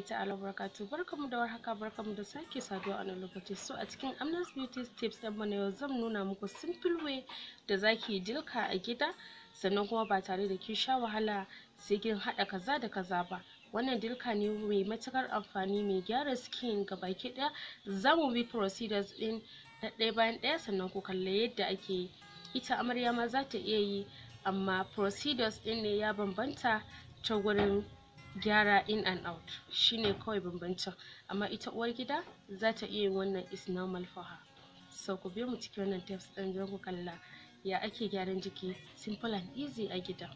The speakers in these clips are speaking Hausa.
rahmatullahi ta'ala barakatu barkamu da warhaka barkamu da sake saduwa a nan lokaci so a cikin amnas beauty tips ɗin mu na yau zan nuna muku simple way da zaki dilka a gida sannan kuma ba tare da kin sha wahala sai kin haɗa kaza da kaza ba wannan dilka ne mai matukar amfani mai gyara skin ga baki ɗaya za mu bi procedures ɗin ɗaya bayan ɗaya sannan ku kalla yadda ake yi ita amarya ma za ta iya yi amma procedures ɗin ne ya bambanta ta gurin gyara in and out shine kawai bambancin amma ita uwar gida za ta iya yin wannan is normal for her so ku biyo mu cikin wannan tips ɗin don ku kalla ya ake gyaran jiki simple and easy a gida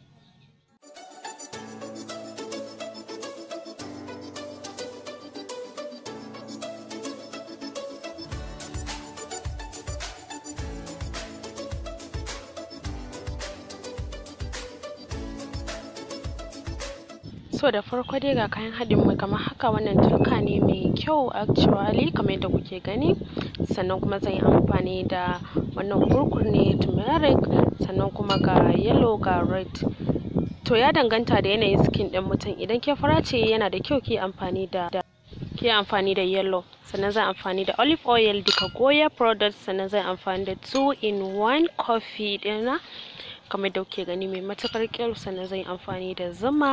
so da farko dai ga kayan haɗin mu kamar haka wannan turka ne mai kyau actually kamar yadda kuke gani sannan kuma zan yi amfani da wannan kurkur ne turmeric sannan kuma ga yellow ga red to ya danganta da yanayin skin ɗin mutum idan ke fara ce yana da kyau ki amfani da ke amfani da yellow sannan zai amfani da olive oil duka goya product sannan zai amfani da two in one coffee dina kamar da kuke gani mai matukar kyau sannan zan amfani da zuma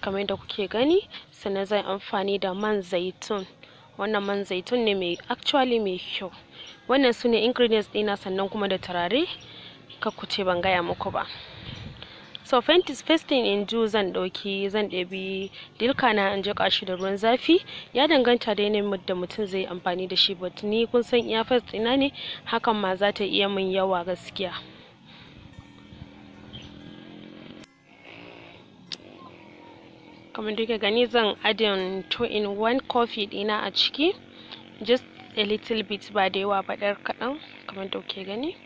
kamar da kuke gani sannan zan amfani da man zaitun wannan man zaitun ne mai actually mai kyau wannan su ne ingredients dina sannan kuma da turare ka kuce ban gaya muku ba so fentis spacing in ju zan dauki zan ɗebi dilka na in jiƙa shi da ruwan zafi ya danganta da yanayin mudda mutum zai amfani da shi but ni kun san iya fes ina ne hakan ma za ta iya mun yawa gaskiya kamar duka gani zan adin 2 in 1 coffee dina a ciki just a little bit ba da yawa ba ɗar kaɗan kamar da gani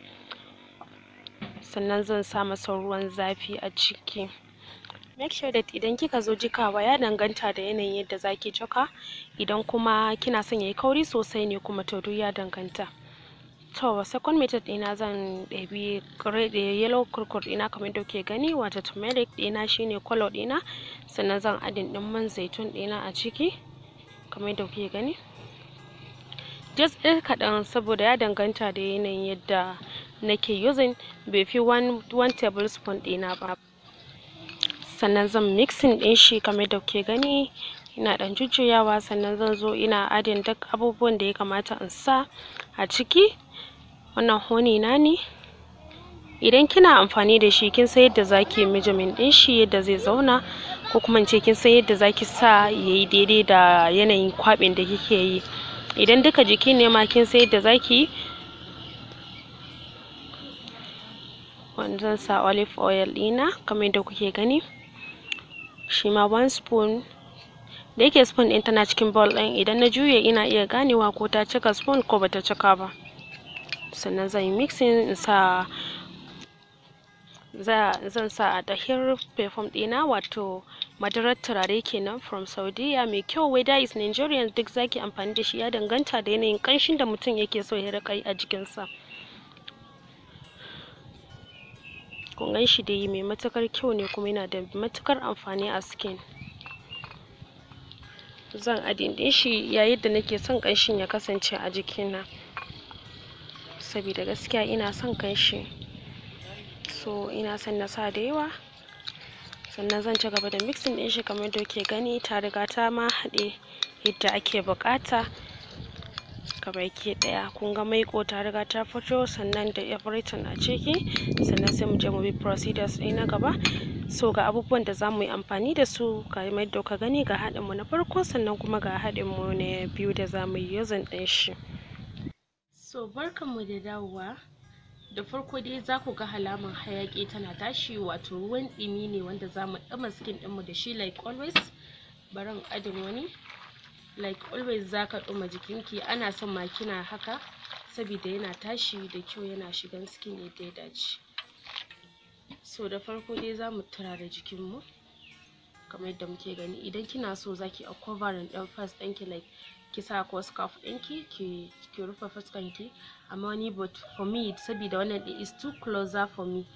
sannan zan sa masa ruwan zafi a ciki make sure that idan kika zo jikawa ya danganta da yanayin yadda zaki jika idan kuma kina son yayi kauri sosai ne kuma to duk ya danganta to second method ɗina zan ɗabi yellow kurkur ɗina kamar yadda kuke gani wato turmeric ɗina shine color ɗina sannan zan adin ɗin man zaitun ɗina a ciki kamar yadda kuke gani just ɗin kaɗan saboda ya danganta da yanayin yadda nake using bai fi 1 tablespoon ɗina ba sannan zan mixing ɗin shi kamar da kuke gani ina ɗan jujjuyawa sannan zan zo ina adin duk abubuwan da ya kamata in sa a ciki wannan honey na ne idan kina amfani da shi kin san yadda zaki measurement din shi yadda zai zauna ko kuma in ce kin san yadda zaki sa ya yi daidai da yanayin kwaɓin da kike yi idan duka jiki ne ma kin san yadda zaki wanda zan sa olive oil ɗina kamar yadda kuke gani shi ma one spoon da yake spoon ɗin tana cikin bowl ɗin idan na juye ina iya ganewa ko ta cika spoon ko bata cika ba sannan zan yi mixing in sa zan sa a ɗahir perfume ɗina wato madarar turare kenan from saudiya mai kyau whether is nigerian duk zaki amfani da shi ya danganta da yanayin ƙanshin da mutum yake so ya riƙa yi a jikinsa kun gan shi dai mai matukar kyau ne kuma yana da matukar amfani a skin zan adin shi yayin da nake son kanshin ya kasance a jikina saboda gaskiya ina son kanshi so ina son na sa da yawa sannan zan ci gaba da mixing din shi kamar yadda kuke gani ta riga ta ma haɗe yadda ake buƙata gabaki ɗaya kun ga maiko ta riga ta fito sannan da everything a ciki sannan sai mu je mu bi procedures ɗin na gaba so ga abubuwan da za mu yi amfani da su ga yadda ka gani ga haɗinmu na farko sannan kuma ga haɗin mu na biyu da za mu yi using ɗin shi so barkanmu da dawowa da farko dai za ku ga halaman hayaƙi tana tashi wato ruwan ɗumi ne wanda za mu ɗuma skin ɗinmu da shi like always barin adin wani like always zaka ɗuma jikinki ana son ma kina haka sabida yana tashi da kyau yana shigan skin yadda ya dace so da farko dai za mu turara jikinmu kamar yadda muke gani idan kina so za ki a covering ɗin first ɗinki like ki sa ko scarf ɗinki ki rufe fuskanki amma ni but for me sabida wannan ɗin is too closer for me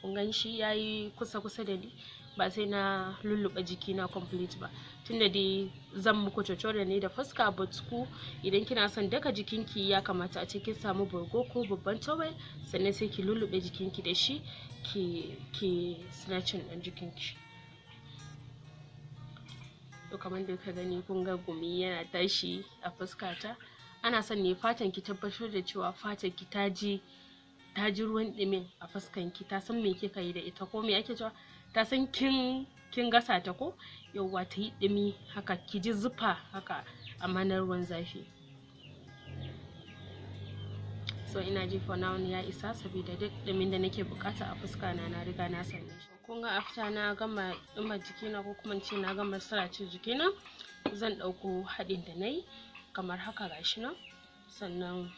kun gan shi yi kusa kusa da ni ba sai na lulluɓa na complete ba tunda dai zan muku tutorial ne da fuska but ku idan kina son daka jikinki ya kamata a ce kin samu bargo ko babban towel sannan sai ki lulluɓe jikinki da shi ki ki snatching ɗin jikinki to kamar da ka gani kun ga gumi yana tashi a ta ana son ne fatan ki tabbatar da cewa fatan ki ta ji ta ji ruwan ɗimin a fuskan ki ta san me kika yi da ita ko me ake cewa ta san kin kin gasa ta ko yauwa ta yi ɗumi haka ki ji zufa haka a manar ruwan zafi so ina ji for now ya isa saboda duk dumin da nake bukata a fuska na na riga na same shi kun ga after na gama ɗuma jikina ko kuma ce na gama sarace jikina zan ɗauko haɗin da nayi kamar haka gashi nan sannan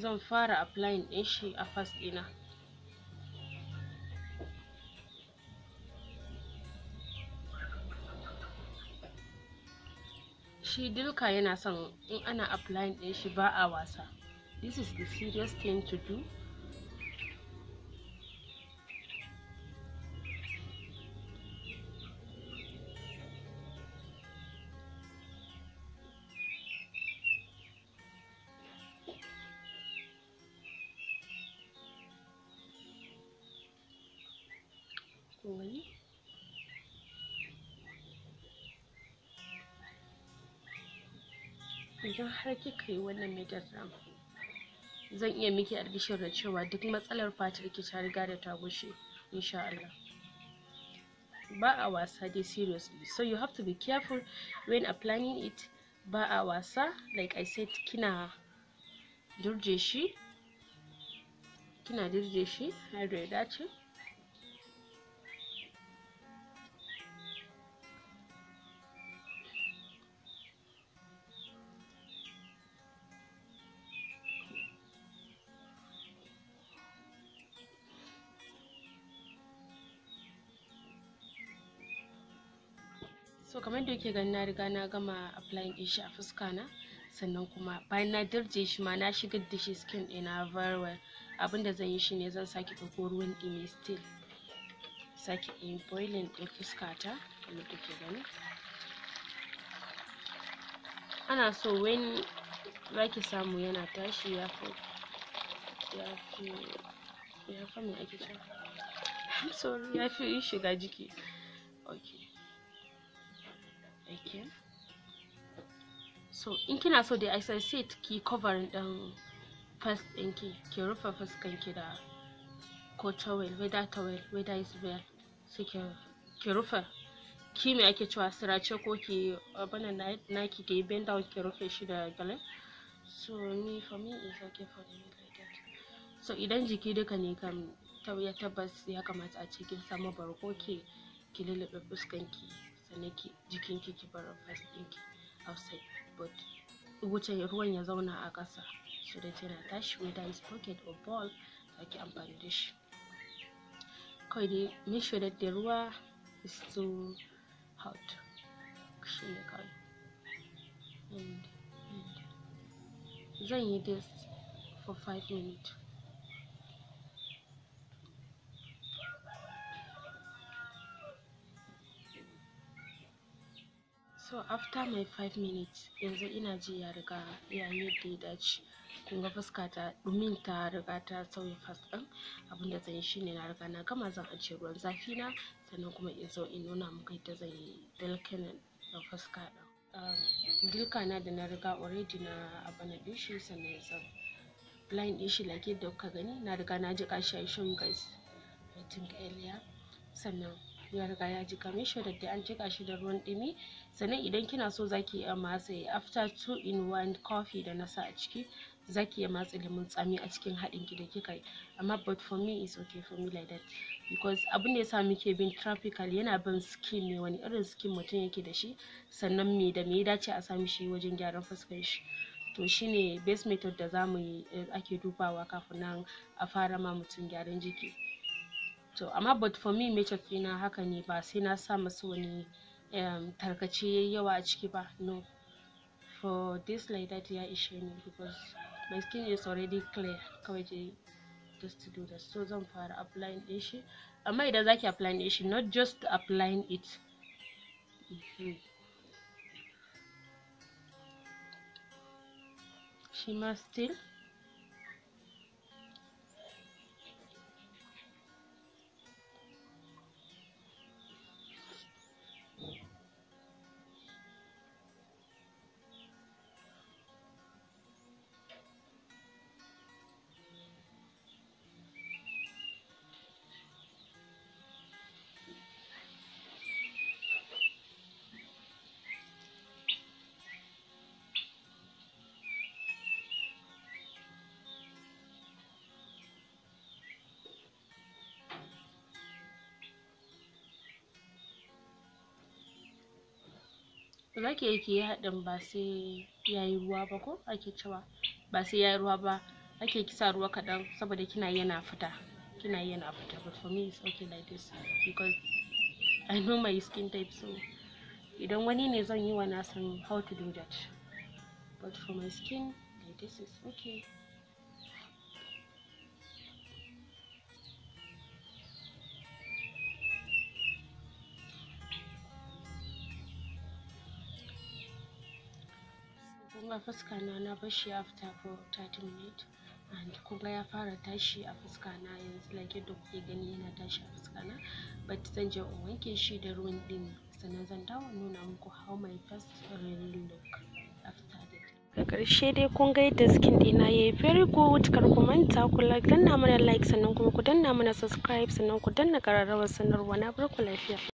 zan fara applying ɗin shi a fas ɗina shi dilka yana son in ana applying ɗin shi ba a wasa this is the serious thing to do idan har kika yi wannan makeup ɗin zan iya miki albishir da cewa duk matsalar fatar ki ta riga da ta gushe insha Allah ba a wasa dai seriously so you have to be careful when applying it ba a wasa like I said kina dirje shi kina durje shi har da ya dace so kamar da yake gani na riga na gama applying din shi a fuska na sannan kuma bayan na dirje shi ma na shigar da shi skin ɗina very well abinda zan yi shi ne zan sake ɗauko ruwan ɗimi still sake in boiling ɗin fuskata kamar da ke gani ana so when zaki samu yana tashi ya fi ya fi ya fi me ake cewa sorry ya fi shiga jiki okay okay so in kina so dai sai sai ki covering din first ɗinki ki ki rufe ki da ko towel whether towel whether is well so ki rufe ki me ake cewa sirace ko ki abana na ki bend down ki rufe shi da galin so ni for me is okay for me like that so idan jiki duka ne kam ya tabbas ya kamata a ce kin samu barko ki ki lulluɓe fuskanki sannan jikinki ki bar fas ɗinki outside but wuce ruwan ya zauna a ƙasa so da yana tashi whether is pocket or ball za ki amfani da shi kawai dai make sure that the ruwa is too hot shi ne kawai zan yi this for 5 minutes so after my five minutes yanzu ina ji ya riga ya yadda ya dace kun ga fuska ta dumin ta riga ta sauya fas din abin da zan yi shine na riga na gama zan ajiye ruwan zafi na sannan kuma in zo in nuna muku yadda zan yi dalkin da fuska din um, girka na da na riga already na abana din shi sannan zan blind din shi like yadda kuka gani na riga na jiƙa shi a shan guys I think earlier sannan ya riga ya jika make sure that an jika shi da ruwan ɗumi sannan idan kina so zaki iya matse after two in one coffee da na sa a ciki zaki iya matse lemun tsami a cikin haɗin ki da kika yi amma but for me its okay for me like that because abin da yasa muke bin tropical yana ban skin ne wani irin skin mutum yake da shi sannan me da me ya dace a sami shi wajen gyaran fuskar shi to shine best method da zamu yi eh, ake dubawa kafin nan a fara ma mutum gyaran jiki to amma but for me makeup fina haka ne ba sai na sa masu wani um, tarkace yayi yawa a ciki ba no for this like that ya ishe ni because my skin is already clear kawai je just to do that so zan fara applying ɗin shi amma idan zaki applying ɗin shi not just applying it mhm. shi ma still za ki iya yi haɗin ba sai ya yi ruwa ba ko ake cewa ba sai ya yi ruwa ba ake kisa ruwa kaɗan saboda kina yana fita kina yana fita but for me it's okay like this because I know my skin type so idan wani ne zan yi wa na san how to do that but for my skin like this is okay kuma fuska na na bashi after for 30 minutes and ya fara tashi a fuska na yanzu like yadda kuke gani yana tashi a fuska na but zan je in wanke shi da ruwan ɗin sannan zan dawo nuna muku how my first really look after that da ƙarshe dai kun ga yadda skin ɗina yayi very good kar ku manta ku danna mana like sannan kuma ku danna mana subscribe sannan ku danna ƙararrawar sanarwa na barku lafiya